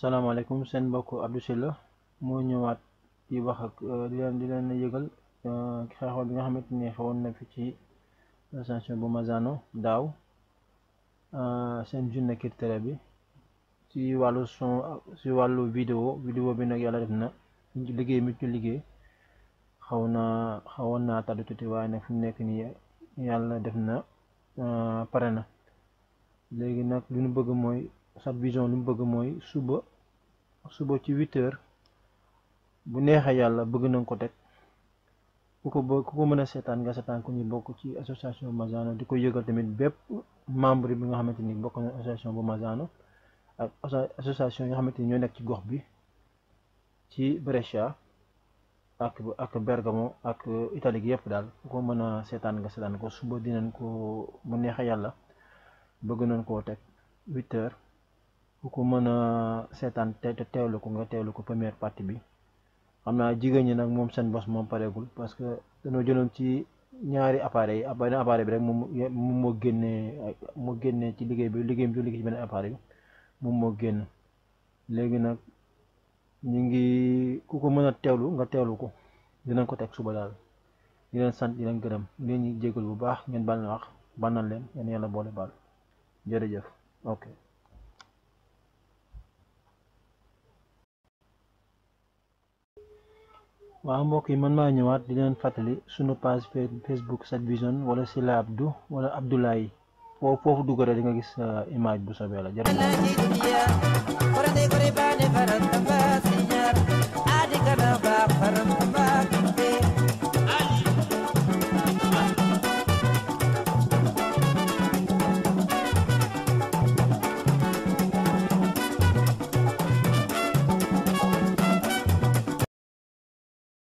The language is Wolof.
salaamaaleykum seen mbokk si la moo ñëwaat di wax ak euh, di leen di leen yëgal euh, xeexoon bi nga xamante ni xewoon na fi ci euh, station bu Mazzano daaw seen junne kirtere bi ci wàllu son ci wàllu vidéo vidéo bi nag yàlla def na liggéey mi ci liggéey xaw na xawoon naa tàddu tuuti waaye nag fi mu nekk nii yàlla def na pare na léegi nag lu ñu bëgg mooy Sadd Vision lu mu bëgg mooy suba suba ci huit heures bu neexee yàlla bëgg nañ ko teg ku ko ku ko mën a seetaan nga seetaan ku ñu bokk ci association Mazaano di ko yëgal tamit bépp membre bi nga xamante ni bokk na association bu Mazaano ak association yi nga xamante ni ñoo nekk ci gox bi ci Brescia ak ak Bergamo ak Italie gi yëpp daal ku ko mën a seetaan nga seetaan ko suba dinañ ko bu neexee yàlla bëgg nañ koo teg huit heures ko meuna setan te te teewlu ko nga tewlu ko première partie bi xamna jigeen jigéen ñi nag moom seen bos moom pareegul parce que dañu jëloon ci ñaari appareil appareil benn appareil bi rek mom mo génné mo génné ci liggéey bi liggéey bi liggéey ci benn appareil mom mo génn légui nak ñi ngi ku ko meuna tewlu nga tewlu ko dina ko tek suba dal di len sant di len gëreem di ñi jégal bu baax ngeen baal na wax banal len ñen yalla boole baal jërëjëf ok waaw mbokk yi man maa ñëwaat di leen fàttali sunu page Facebook 7vision wala Sila Abdou wala Abdoulaye foofu foofu dugg rek di nga gis euh, image bu sobee la jërëjëf